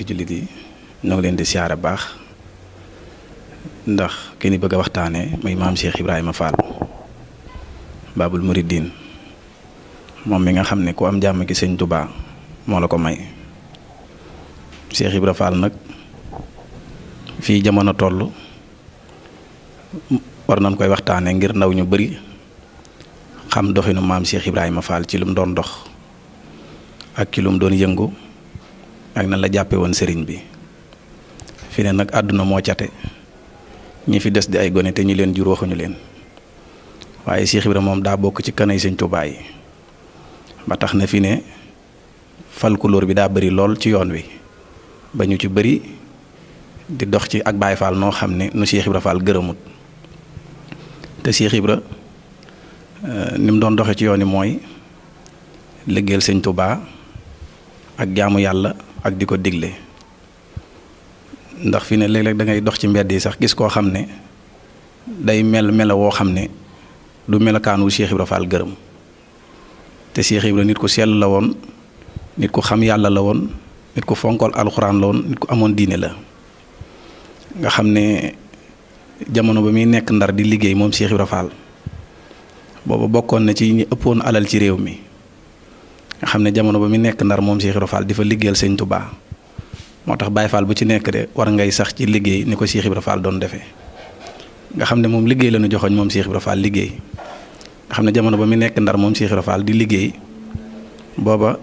mbokki julit yi ñoo ngi leen di siyaare baax ndax ki ni bëgg a waxtaanee muy maam Cheikh Ibrahima Fall Babul muridin moom mi nga xam ne ku am jàmm gi sëñ Touba moo la ko may Cheikh Ibrahima Fall nag fii jamono toll war nañ koy waxtaanee ngir ndaw ñu bari xam doxinu maam Cheikh Ibrahima Fall ci lum doon dox ak ci lum doon yëngu. ak nan la jàppe woon sëriñ bi fi ne nag àdduna moo cate ñi fi des di ay gone te ñi leen jur waxuñu leen waaye Cheikh Ibra moom daa bokk ci kanay sëñ Tuubaa yi ba tax na fi ne fal folklore bi daa bari lool ci yoon wi ba ñu ci bari di dox ci ak Baay Faal noo xam ne nu Cheikh Ibra Fall gërëmut te Cheikh Ibra euh, ni doon doxe ci yoon wi mooy liggéeyal sëñ Tuubaa ak jaamu yàlla ak di ko digle ndax fi ne léeg-léeg da ngay dox ci mbedd yi sax gis koo xam ne day mel melo woo xam ne du melokaan wu Cheikh Ibra Fall gërëm te Cheikh Ibra nit ku sell la woon nit ku xam yàlla la woon nit ku fonkool alxuraan amoon diine la nga xam ne jamono ba muy nekk ndar di liggéey moom Cheikh Ibra Fall booba bokkoon na ci ñi ëppoon alal ci réew mi nga xam ne jamono ba mu nekk ndar moom Cheikh Ibra di fa liggéeyal sëñ Touba moo tax Baye Fall bu ci nekk de war ngay sax ci liggéey ni ko Cheikh Ibra Fall doon defee nga xam ne moom liggéey la ñu joxoon moom Cheikh Ibra Fall liggéey nga xam ne jamono ba mu nekk ndar moom Cheikh Ibra di liggéey booba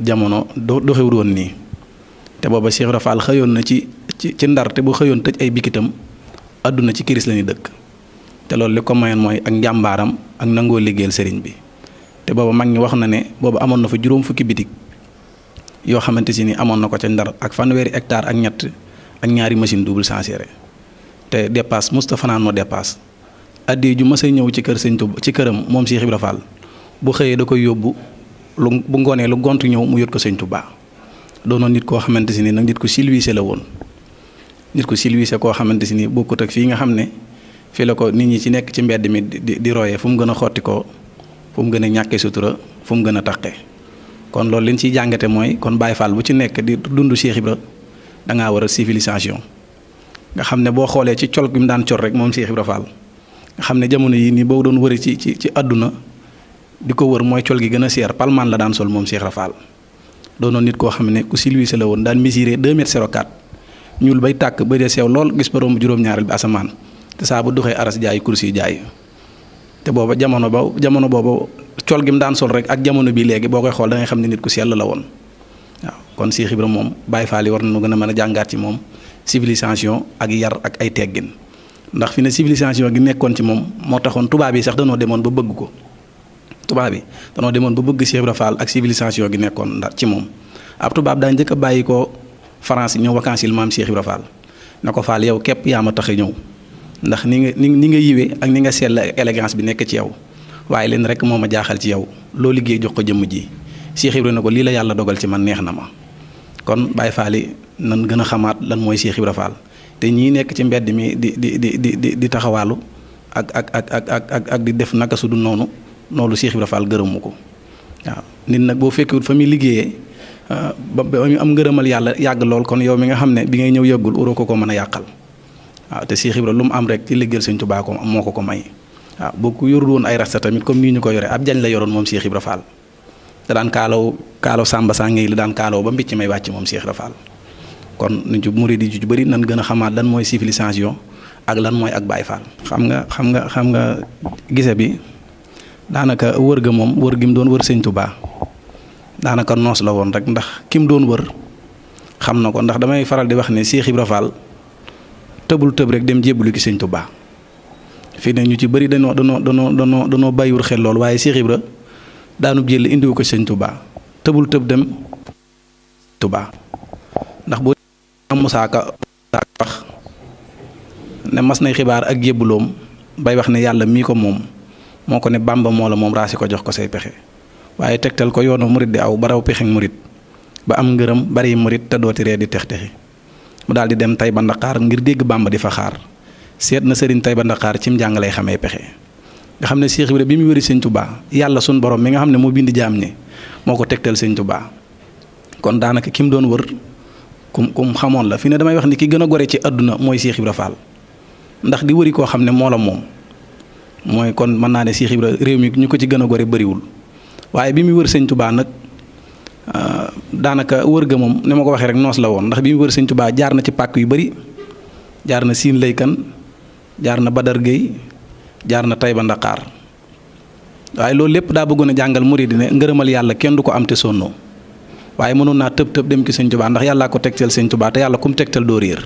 jamono doxewul woon nii te booba Cheikh Ibra xëyoon na ci ci ci ndar te bu xëyoon tëj ay bikitam àdduna ci kiris la dëkk te loolu li ko mayoon mooy ak njàmbaaram ak nangoo liggéeyal sëriñ bi. te booba mag ñi wax na ne booba amoon na fa juróom fukki bitig yoo xamante si ni amoon na ko ca ndar ak fanweeri hectare ak ñett ak ñaari machine double chancière te dépasse musta fanaan moo dépasse addee ju mas a ñëw ci kër sëñ Tuubaa ci këram moom Cheikh Ibra Fall bu xëyee da koy yóbbu lu bu ngoonee lu gont ñëw mu yót ko sëñ Tuubaa doonoon nit koo xamante si ni nag nit ko silwiise la woon nit ko silwiise koo xamante si ni bokkut ak fii nga xam ne fii la ko nit ñi ci nekk ci mbedd mi di di fu mu gën a xotti ko fu mu gën a ñàkkee sutura fu mu gën kon loolu liñ ñu ciy jàngate kon Baye Fall bu ci nekk di dund Cheikh Ibra da ngaa war a civilisation nga xam ne boo xoolee ci col bi mu daan col rek moom Cheikh Ibra Fall nga xam ne jamono yi nii boo doon wëri ci ci ci àdduna di ko wër mooy col gi gën a seer palmaan la daan sol moom Cheikh Ibra Fall doonoon nit koo xam ne ku silvissé la woon daan misiré 2 mètres bay tàkk bay dee seew lool gis borom juróom-ñaareel bi asamaan te saa bu doxee aras jaay kursi jaay te booba jamono ba jamono booba col gi mu daan sol rek ak jamono bii léegi boo koy xool da xam ne nit ku sell la woon waaw kon Cheikh Ibra moom bàyyi Fall yi war nañu gën a mën a jàngaat ci moom civilisation ak yar ak ay teggin ndax fi ne civilisation gi nekkoon ci moom moo taxoon tubaab yi sax danoo demoon ba bëgg ko tubaab yi danoo demoon ba bëgg Cheikh Ibra ak civilisation gi nekkoon ndax ci moom ab tubaab daan njëkk a bàyyi ko France ñëw vacances yi maam Cheikh Ibra na ko Fall yow képp yaa ma tax a ñëw. ndax ni nga ni ni nga yiwee ak ni nga sell ak élégance bi nekk ci yow waaye leen rek moo ma jaaxal ci yow loo liggéey jox ko jëmm ji Cheikh Ibra na ko lii la yàlla dogal ci man neex na ma kon Baye Fall nan gën a xamaat lan mooy Cheikh Ibra Fall te ñii nekk ci mbedd mi di di di di di taxawaalu ak ak ak ak ak ak di def naka su du noonu noonu Cheikh Ibra Fall gërëmu ko waaw nit nag boo fekkewut fa muy liggéeyee ah, ba ba muy am ngërëmal yàlla yàgg lool kon yow mi nga xam ne bi ngay ñëw yëggul uroo ko ko mën a yàqal. waaw te Cheikh Ibra lu mu am rek ci liggéeyal Sëñ Tuubaa ko moo ko ko may waaw boo ko yorul woon ay rasta tamit comme nii ñu ko yore ab jañ la yoroon moom Cheikh Ibra Fall da daan Samba Sange la daan kaalaw ba mbicc may wàcc moom Cheikh Ibra Fall kon ñu ci murid yi ju bari nan gën a xamaat lan mooy civilisation ak lan mooy ak Baay Faal. xam nga xam nga xam nga gise bi daanaka wër ga moom wër gi mu doon wër Sëñ Tuubaa daanaka noos la woon rek ndax ki mu doon wër xam na ko ndax damay faral di wax ne Cheikh Ibra Fall tëbul tëb rek dem jébbalu ci sëñ Tuubaa fii ne ñu ci bari dañoo dañoo dañoo dañoo dañoo bàyyiwul xel lool waaye Cheikh Ibra daanu jël indiwu ko sëñ Tuubaa tëbul tëb dem tubaa ndax boo am Musaa Ka wax ne mas nay xibaar ak jébbaloom bay wax ne yàlla mii ko moom moo ko ne Bàmba moo la moom raasi ko jox ko say pexe waaye tegtal ko yoonu murit di aw ba raw pexe murit ba am ngërëm bari murit te dooti ree di tex texi mu daal di dem tay ba Ndakaar ngir dégg Bàmba di fa xaar seet na sëriñ tay ba Ndakaar cim njàng lay xamee pexe nga xam ne Cheikh Ibra bi mu wéri sëñ Tuubaa yàlla suñ borom mi nga xam ne moo bind jaam ne moo ko tegtal sëñ Tuubaa kon daanaka ki mu doon wër kum kum xamoon la fii ne damay wax ni ki gën a gore ci àdduna mooy Cheikh Ibra Fall ndax di wëri koo xam ne moo la moom mooy kon mën naa ne Cheikh Ibra réew mi ñu ko ci gën a gore bëriwul waaye bi muy wër sëñ nag ah, danaka wër mom moom ni ma ko waxee rek nos la won ndax bi mu wër sëñ Tuubaa jaar na ci pak yu bari jaar na lay kan jaar na Badar Gueye jaar na Tayba ndakar way lo lepp da bëggoon a jàngal murid ne ngeureumal yalla kën du ko am te sonno waaye mënoon na tepp tepp dem ci sëñ Tuubaa ndax yalla ko tektel te yalla kum tektel do rir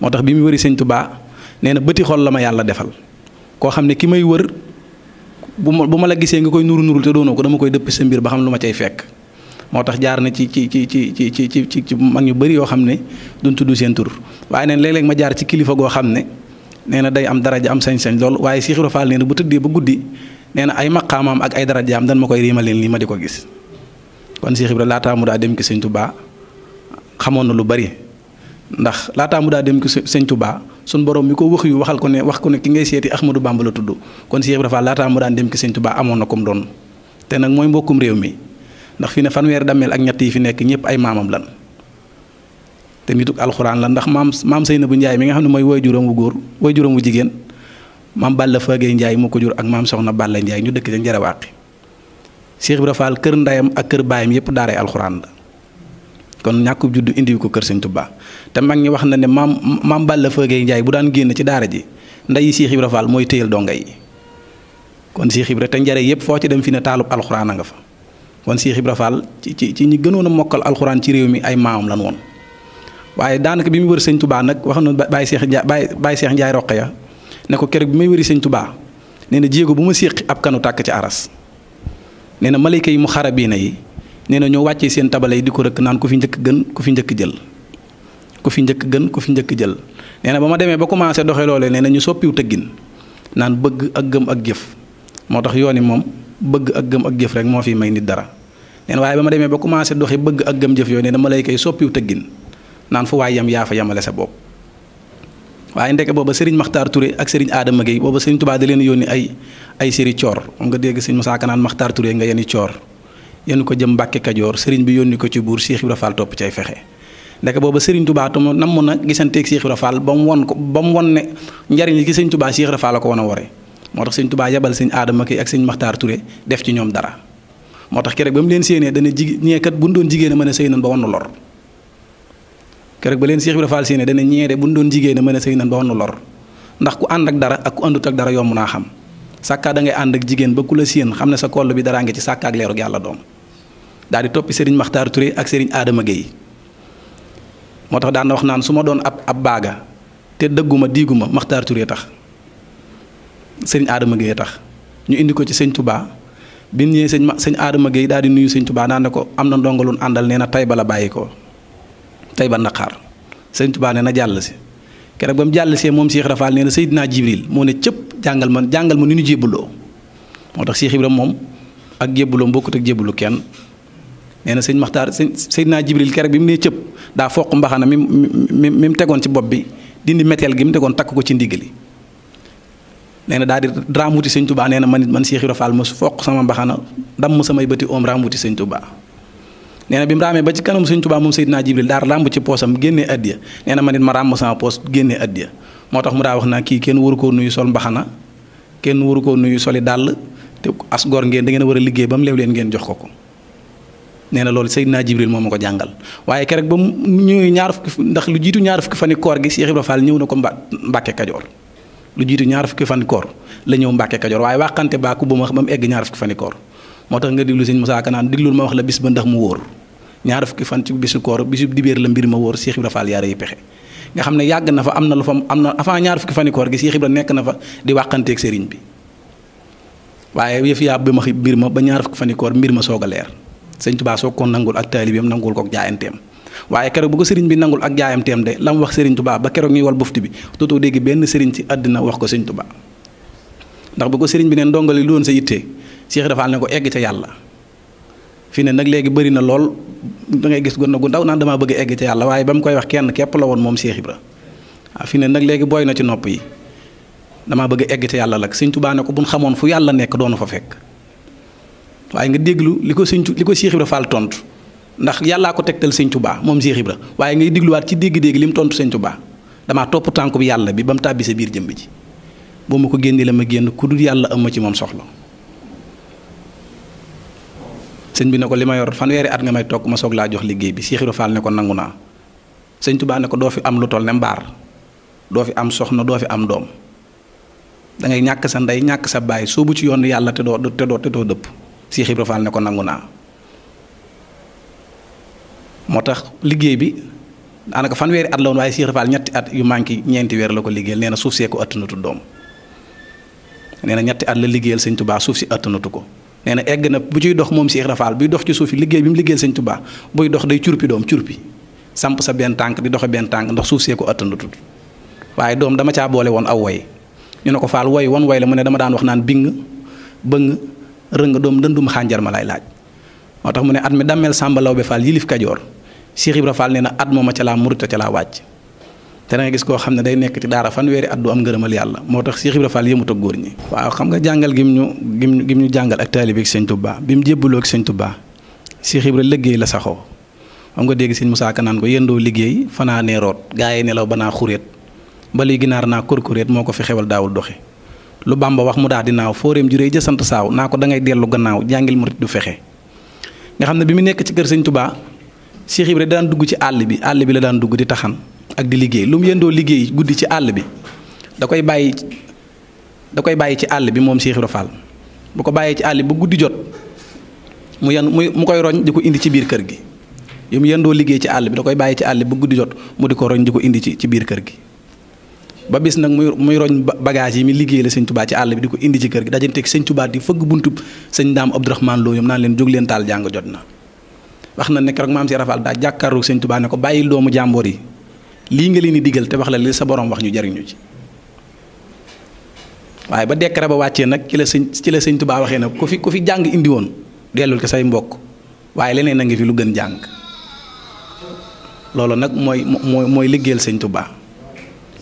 motax bi mu wëri sëñ Tuubaa neena beuti xol la ma defal ko xamne ne ki may wër buma la gisee nga koy nuru nurul te doono ko dama koy dëpp sa mbir ba xam lu cey fekk. moo tax jaar na ci ci ci ci ci ci ci ci mag ñu bari yoo xam ne duñ tudd seen tur waaye neen léeg-léeg ma jaar ci kilifa goo xam ne nee na day am daraja am sañ-sañ lool waaye Cheikh Ibra faa nee na bu tëddee ba guddi nee na ay maqaamaam ak ay darajaam dan ma koy riimaleel nii ma di ko gis kon Cheikh Ibra laataa mu daa dem ki sëñ Touba xamoon na lu bari ndax laataa daa dem ki sëñ Touba suñ borom mi ko wax waxal ko ne wax ko ne ki ngay seeti Ahmadou Bamba la tudd kon Cheikh Ibra laataa mu daan dem ki sëñ Touba amoon na ko mu doon te nag mooy mbokkum réew mi. ndax fi ne fanweeri dammeel ak ñett yi fi nekk ñëpp ay maamam lan te nituk alxuraan la ndax maam maam Seynabou njaay mi nga xam ne mooy waajuram wu góor waajuram wu jigéen maam Balla Fagey Ndiaye moo ko jur ak maam Soxna Balla Ndiaye ñu dëkk ca Njarewaaqi Cheikh Ibra kër ndayam ak kër baayam yëpp daaray alxuraan la kon ñàkkub juddu indiwu ko kër Sëñ Tuubaa te mag ñi wax na ne maam maam Balla Fagey bu daan génn ci daara ji ndeyi Cheikh Ibra Fall mooy téyal donga yi kon Cheikh Ibra te njare yëpp foo ci dem fi ne taalub alxuraan a nga fa kon Cheikh Ibra Fall ci ci ci ñi gënoon a mokkal alxuraan ci réew mi ay maamam lan woon waaye daanaka bi mu wër sëñ Touba nag wax na Baye Cheikh Ndiaye Baye Baye Cheikh Ndiaye Roqaya ne ko keroog bi may wëri sëñ Touba nee na jéego bu ma séqi ab kanu tàkk ci aras nee na malayka yi mu xarabiina yi nee na ñoo wàccee seen tabale yi di ko rëkk naan ku fi njëkk gën ku fi njëkk jël ku fi njëkk gën ku fi njëkk jël nee na ba ma demee ba commencé doxee loolee nee na ñu soppiw tëggin naan bëgg ak gëm ak jëf moo tax yoon yi moom bëgg ak gëm ak jëf rek moo fi may nit dara neen waaye ba ma demee ba commencé doxi bëgg ak gëm jëf yooyu ne dama lay koy soppiw tëggin naan fu waay yam yaa fa yamale sa bopp waaye ndeke booba sëriñ Makhtar Touré ak Serigne Adama Gueye booba Serigne Touba da leen yónni ay ay séri coor nga dégg Serigne Moussa Kanaan Makhtar Touré nga yeni coor yéen ko jëm Mbàkke Kajoor sëriñ bi yónni ko ci buur Cheikh Ibra Fall topp cay fexe ndeke booba Serigne Touba tam nam mun a gisanteeg Cheikh Ibra Fall ba mu won ko ba mu won ne njariñ li ki Serigne tubaa Cheikh Ibra Fall la ko wan a waree motax seigne touba yabal seigne aadama ki ak seigne makhtar Touré def ci ñom dara motax tax bam leen séenee dana jig ñeekat bu ñu doon jigéena mëna mën a nan ba wonu lor keroog ba leen cheikh ibrahim fall séenee dana ñeere bu ñu doon jigéena mëna mën a nan ba wonu lor ndax ku and ak dara ak ku andut ak dara yomb naa xam saka da ngay and ak jigéen ba ku la séen xam ne sa koll bi dara nga ci saka ak leerug yalla doom daal di toppi sëriñ Touré ak sëriñ aadama Gueye moo daan na wax naan suma doon ab ab te Touré tax sëñ aadama Gueye tax ñu indi ko ci sëñ tubaa bi mu sëñ ma sëñ Adama Gueye daal di nuyu sëñ ne ko am na ndongolun àndal nee na tay ba la bàyyi ko tay ba naqaar sëñ Touba nee na jàll si keroog ba mu jàll see moom Cheikh Rafaal nee na Seydina Jibril moo ne cëpp jàngal ma jàngal ma ni ñu jébbaloo moo tax Cheikh Ibrahima moom ak jébbaloo bokkut ak jébbalu kenn nee na sëñ Maxtaar sëñ naa Jibril keroog bi mu nee cëpp daa foq mbaxana mi mi mi mu tegoon ci bopp bi dindi méteel gi mu tegoon takk ko ci ndigg li nee na daal di raamuti sëñ tubaa nee na man it man Cheikh Ibra Fall ma foq sama mbaxana damm samay bëti oom raamuti sëñ tubaa nee bi mu raamee ba ci kanam sëñ tubaa moom Seydina Jibril daal ràmb ci poosam génnee addiya nee na man it ma ràmb sama poos génnee addiya moo tax mu daa wax naa kii kenn waru koo nuyu sol mbaxana kenn waru koo nuyu soli dàll te as gor ngeen da ngeen war a liggéey ba mu leew leen ngeen jox ko ko nee na loolu Seydina Jibril moo ma ko jàngal waaye keroog ba mu ñëwee ñaar fukki ndax lu jiitu ñaar fukki fan gi Cheikh Ibra Fall na ko Mbàkke Kajoor lu jiitu ñaar fukki fan la ñëw Mbàkke Kajoor waaye waxante baaku bu ma ba mu egg ñaar fukki fan koor moo tax nga diglu sëñ Musaa Ka naan diglul ma wax la bis ba ndax mu wóor ñaar fukki fan ci bisu la mbir ma wóor Seex Ibra Faal yaara xam ne yàgg na fa am na lu fa am na avant ñaar fukki fan koor gi Seex Ibra nekk na fa di waxanteeg sëriñ bi waaye yëf yaa bi ma mbir ma ba ñaar fukki fan koor mbir ma soog leer sëñ Tuubaa soog ko nangul ak taalibeem nangul ko jaayanteem waaye keroog bu ko sëriñ bi nangul ak jaayam teem de la mu wax sëriñ tubaa ba keroog ñuy wal bufti bi dootoo dégg benn sëriñ ci àddina wax ko sëriñ tubaa ndax bu ko sëriñ bi ne ndongali loon sa yittee Cheikh dafa ne ko egg ca yàlla fii ne nag léegi bëri na lool da ngay gis gone gu ndaw naan damaa bëgg egg ca yàlla waaye ba mu koy wax kenn képp la woon moom Cheikh Ibra waaw ah, fii ne nag léegi booy na ci nopp yi damaa bëgg egg ca yàlla lak sëriñ tubaa ne ko buñ xamoon fu yàlla nekk doonu fa fekk waaye nga déglu li ko sëriñ li ko Cheikh Ibra Fall tontu ndax yàllaa ko tegtal sëñ Tuubaa moom Cheikh Ibra waaye ngay digluwaat ci dégg-dégg li mu tontu sëñ Tuubaa dama topp tànk bi yàlla bi ba mu tàbbi sa biir jëmb ji boo ma ko génnee la ma génn ku dul yàlla am ma ci moom soxla sëñ bi ne ko li ma yor fanweeri at nga may toog ma laa jox liggéey bi Cheikh Ibra Fall ne ko nangu naa sëñ Tuubaa ne ko doo fi am lu toll ne mbaar doo fi am soxna doo fi am doom dangay ñàkk sa ndey ñàkk sa baay soobu ci yoon yàlla te doo te doo te doo dëpp Cheikh Ibra ne ko nangu naa. moo tax liggéey bi daanaka fanweeri at la woon waaye Cheikh Ibra ñetti at yu manqué ñeenti weer la ko liggéeyal nee na suuf see ko ëttanatu doom na ñetti at la liggéeyal sëñ Touba suuf si ëttanatu ko nee na egg na bu ciy dox moom Cheikh Ibra Fall buy dox ci suuf si liggéey bi mu liggéeyal sëñ Touba buy dox day curpi doom curpi samp sa benn tànk di doxe benn tànk ndox suuf see ko ëttanatu waaye doom dama caa boole woon aw way ñu ne ko Fall woy wan woy la mu ne dama daan wax naan bing bëng rëng doom dën xànjar ma lay laaj motax mune at mi samba law be fal yilif kadior Cheikh Ibra fal neena na at moma ci la murita ci la wacc té nga gis ko xam ne day nek ci fan wéri at du am ngeureumal yalla motax Cheikh Ibra fal yemu tok gor ñi. waaw xam nga jangal gi ñu gi ñu jangal ak talib ak seigne Touba bim mu ak seigne Touba Cheikh Ibra liggéey la saxo xam nga dégg seigne Moussa kanan ko yendo liggéey fana né rot gaay né law bana ba li ginar na kor moko fi xewal dawul doxé lu bamba wax mu di forem juree ja sant saaw da ngay delu gannaaw jàngil du fexé nga xam ne bi mu nekk ci kër sëñ Touba Cheikh Ibra daan dugg ci àll bi àll bi la daan dugg di taxan ak di liggéey lu mu yëndoo liggéey guddi ci àll bi da koy bàyyi da koy bàyyi ci àll bi moom Cheikh Ibra bu ko bàyyee ci àll bi ba guddi jot mu yan mu koy roñ di ko indi ci biir kër gi yu mu yëndoo liggéey ci àll bi da koy bàyyi ci àll bi ba guddi jot mu di ko roñ di ko indi ci ci biir kër gi. ba bis nag muy muy roñ bagage yi mi liggéey la sëñ tubaa ci àll bi di ko indi ci kër gi dajanteeg sëñ tubaa di fëgg buntub sëñ daam abdourahman loo ñoom naan leen jóg leen taal jàng jot na wax na nekk rek maam si rafal daa jàkkaarloog sëñ tubaa ne ko bàyyi doomu jàmboor yi lii nga leen di digal te wax la li sa borom wax ñu jariñu ci waaye ba dekkare ba wàccee nag ci la sëñ ci la sëñ tubaa waxee nag ku fi ku fi jàng indi woon dellul ko say mbokk waaye leneen a ngi fi lu gën jàng loolu nag mooy mooy mooy liggéeyal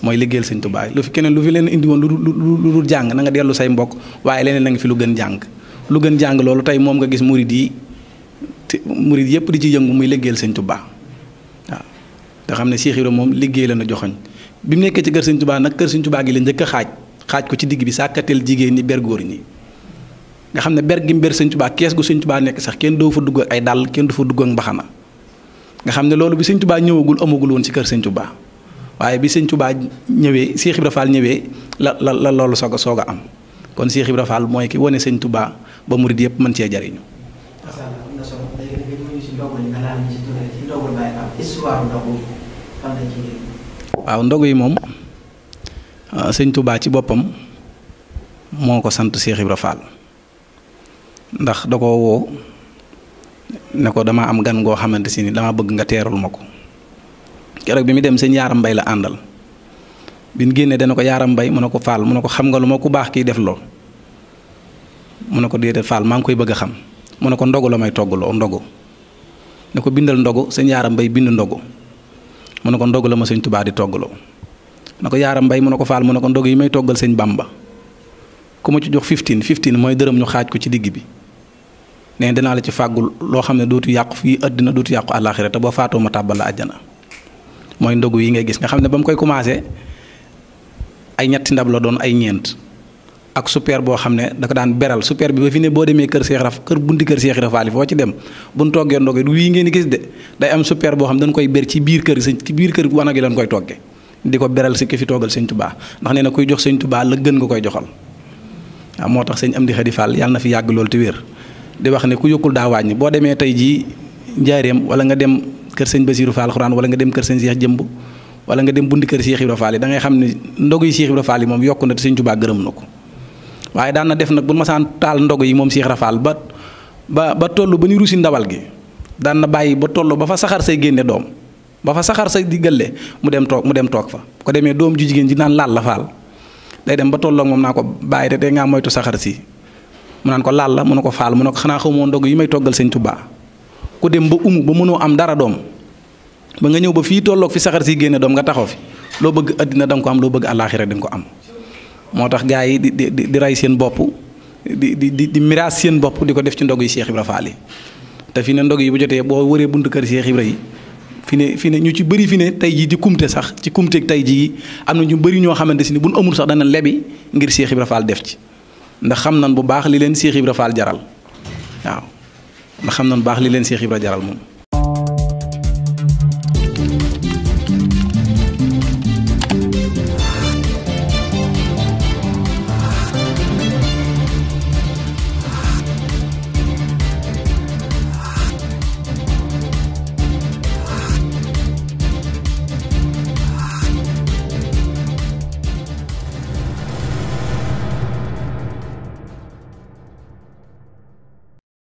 moy liggéeyal seigne touba lu fi keneen lu fi leen indi won lu lu jang na nga delu say mbokk waye leneen nga fi lu gën jang lu gën jang lolu tay mom nga gis mouride yi mouride yëpp di ci yëngu muy liggéeyal seigne touba wa da xamne Cheikh Ibra mom liggéey la na joxagn bimu nekk ci kër seigne touba nak kër seigne touba gi la njëkk xaj xaj ko ci digg bi sakatel jigeen ni ber góor ni nga xamne ber gi ber seigne touba kess gu seigne touba nekk sax kenn do fa dugg ay dal kenn do fa dugg ak mbaxana nga xamne lolu bi seigne touba ñëwagul amagul won ci kër seigne touba waaye bi sëñ Tuubaa ñëwee Cheikh Ibra Fall ñëwee la la la loolu soog a soog a am kon Cheikh Ibra Fall mooy ki wane sëñ Tuubaa ba murid yëpp mën cee jariñu waaw ndogu yi moom ah, sëñ Tuubaa ci boppam moo ko sant Cheikh Ibra Fall ndax da ko woo ne ko dama am gan goo xamante si ni dama bëgg nga teerul ma ko keroog bi mi dem seen yaram bay la andal bin mu génnee dana ko yaram bay mu ne ko faal mu ne ko xam nga lu ma ku baax kii def lo mu ne ko déedéet faal maa ngi koy bëgg a xam mu ne ko ndogu la may togg loo ndogu ne ko bindal ndogu seen yaram bay bind ndogu mu ne ko ndogu la ma sëñ tubaa di toggloo ne ko yaram bay mu ko faal mu ko ndogu yi may toggal seen bamba ku ma ci jox 15 15 mooy dërëm ñu xaaj ko ci digg bi nee dana la ci fàggul loo xam ne dootu yàqu fii àddina dootu yàqu àllaaxira te boo faatoo ma la àjjana mooy ndogu yi ngay gis nga xam ne ba mu koy commencé ay ñetti ndab la doon ay ñeent ak super boo xam ne da daan beral super bi ba fi ne boo demee kër seex Raf kër bunti kër Cheikh Raf Faali foo ci dem bu ñu toggee ndogu wii ngeen di gis de day am super boo xam ne dañ koy ber ci biir kër ci biir kër wanag yi lañ koy toggee di ko beral si ki fi toogal sëñ Tubaa ndax nee na kuy jox sëñ Tubaa la gën nga koy joxal waaw moo tax sëñ Amdi Xadi Fall yal na fi yàgg loolu te wér di wax ne ku yokkul daa wàññi boo demee tey jii njaareem wala nga dem kër sëñ basirou fall xuraan wala nga dem kër sëñ cheikh jëmb wala nga dem bundi kër cheikh Ibra fall da ngay xamni ne ndog yi Seex Ibra Faal yi moom yokku na sëñ na ko na def nak bu ma saan taal ndog yi moom Seex ba ba ba tollu ba ni rusi ndawal gi da na bayyi ba tollu ba fa saxar say genné dom ba fa saxar say diggale mu dem tok mu dem tok fa ko démé dom ju jigen ji nan laal la fall day dem ba tollu mom nako bayyi té nga moytu saxar si mu nan ko laal la mu nako fall mu nako xana xanaa xamoo ndog yi may togal sëñ Tuubaa ku dem ba umu ba mëno am dara dom ba nga ñëw ba fii tolloog fi saxaar si génne doom nga taxaw fi loo bëgg àddina da ko am loo bëgg àllaaxira da nga ko am moo tax gaa yi di di rey seen bopp di di di di miraas seen bopp di ko def ci ndog yi Cheikh Ibra Fall te fi ne ndog yi bu jotee boo waree buntu kër Cheikh Ibra yi fi ne fi ne ñu ci bëri fi ne tey jii di kumte sax ci kumteeg tey jii am na ñu bëri ñoo xamante si ni buñ amul sax dana lebi ngir Cheikh Ibra Fall def ci ndax xam nan bu baax li leen Cheikh Ibra Fall jaral waaw xam nan baax li leen Cheikh Ibra jaral moom